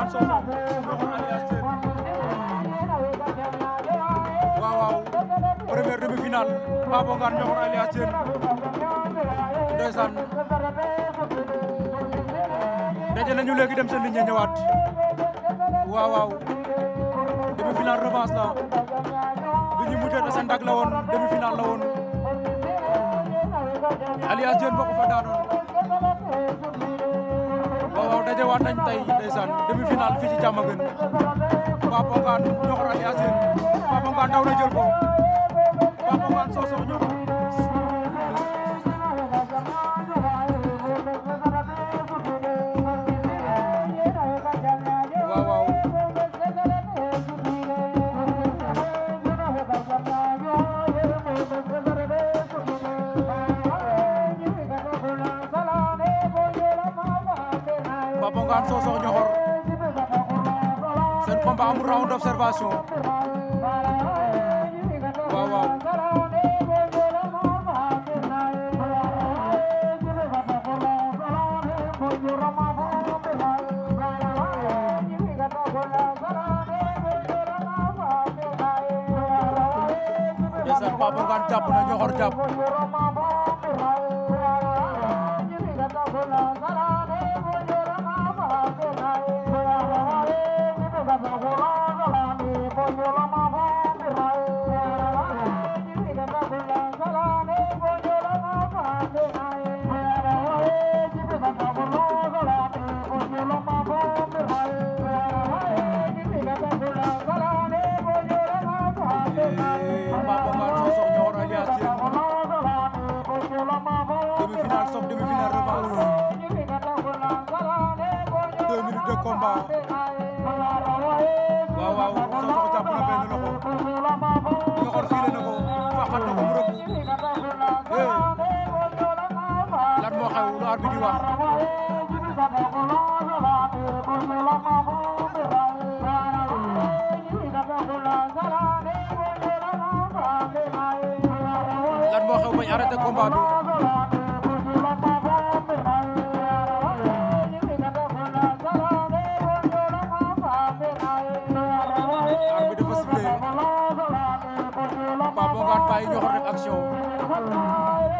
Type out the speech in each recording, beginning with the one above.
Ousmane Sonko doxul alias Diène waaw waaw première demi-finale Baba Ngane doxul alias Diène ndeysaan daje nañu léegi dem seen ligne ñëwaat waaw waaw demi-finale revanche la bi ñu mujjee da seen dag la woon demi-finale la woon alias Diène bokk fa daanoon dajewaat nañ tey ndeysaan demi-finale fii ci Diamaguène Pape Okan Niokh alias Pape Okan daw na jël ko Pape Sossokh Niokor seen combat amul round d'observation waaw waaw ndeysaan Pape Ngane jàpp na Niokor jàpp combat waaw waaw Sokh jàpp na benn loxo Ñoxor fiile na ko faqat na ko mu rëbb lan moo xew lu arbitre bi wax lan moo xew bañ arrêté combat bi bàyyi ñoo xam ne action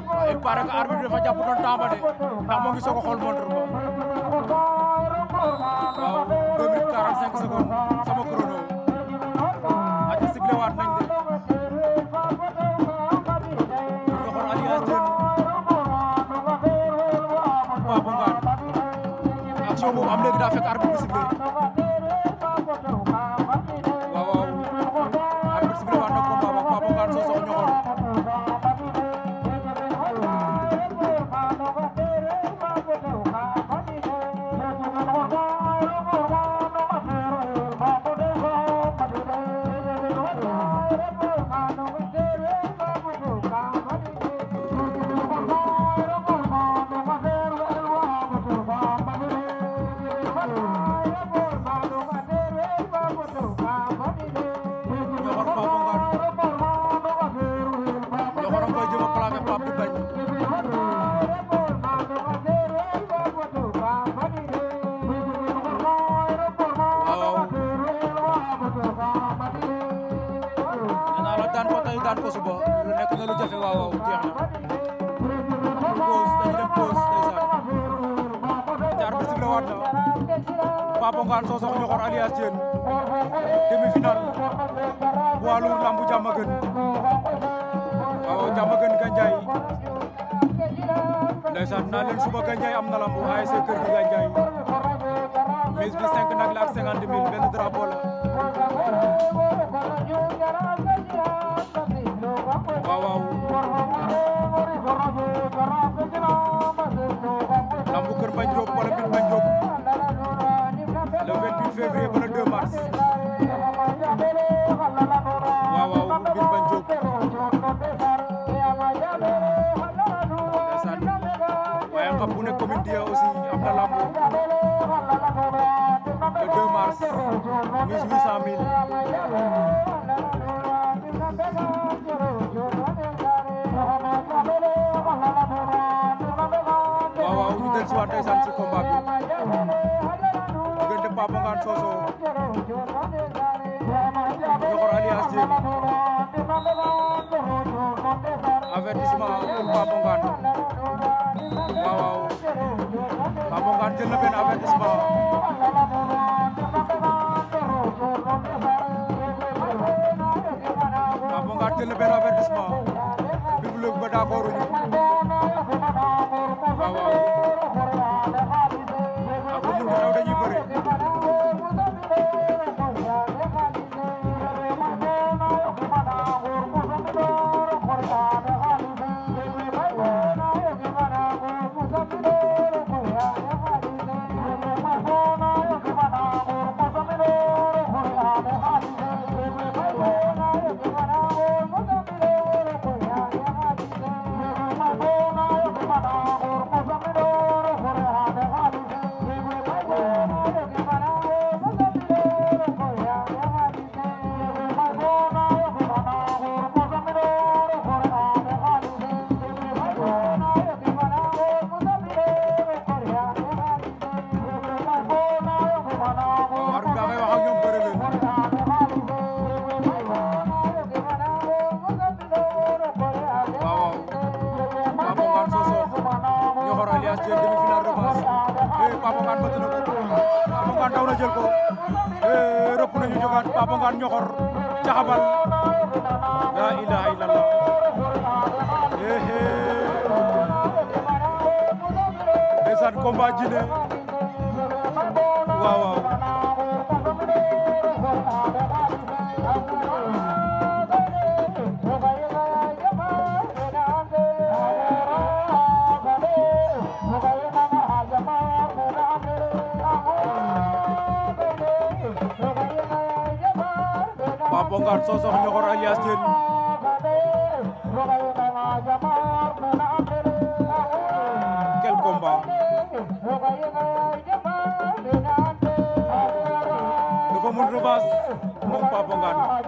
waaye il paraît que arbitre dafa jàpp doon temps ba de ndax moo ngi soog a xool montre ba waaw 2 minutes 45 secondes sama chrono aca sible waat nañ de nga boobu am léegi daa arbitre bi daan ko tey daan ko suba lu nekk na lu jafe waaw waaw jeex na pause dañu dem pause ndeysaan jaar ba sifflé waat na Papa Ngane Sosokh Ndiokhor alias Diène demi-finale poids lourd lambu Diamaguène waaw Diamaguène Gandiaye ndeysaan naa leen suba Gandiaye am na lambu ASC Kër mise bi cinq nag la ak cinquante mille benn drapeau la waaw waaw lambu kër Mbandiop wala kër Mbandiop plus huit cent mille waaw waaw ñu del si waat ndeysaan si combat bi diggante Papa Ngane Soso Ñoxor alias Diène avertissement pour Papa Ngane waaw waaw Papa Ngane jël na benn avertissement te le better affaire gis ma bi bu léegi Ngane daw na jël ko rëpp nañu jógaat Papa Ngane ñoxor caxabal la ilaha illallah ndeysaan combat ji ne waaw waaw Sosokh Niokor alias Diène quel combat dafa mën revanche moom Papa Ngane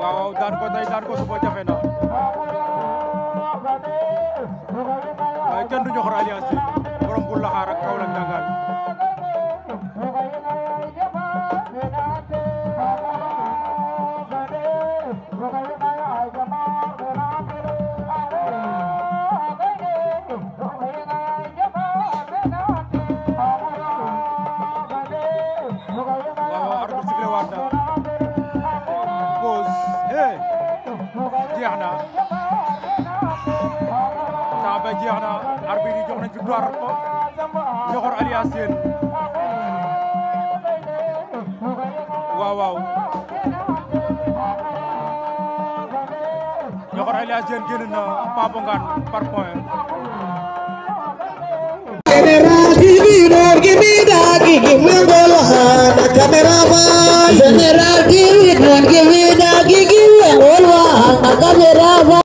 waaw daan ko tey daan ko suba jafe na waaye kenn du Niokor alias Diène borom bu laxaar ak Kaolack Ndangaan jeex na temps ba jeex na arbitre yi jox nañ victoire Ñoxor alias Sène waaw waaw Ñoxor alias Sène génn na Papo Ngane par point General, give me, don't give me, don't give me. a, a Carne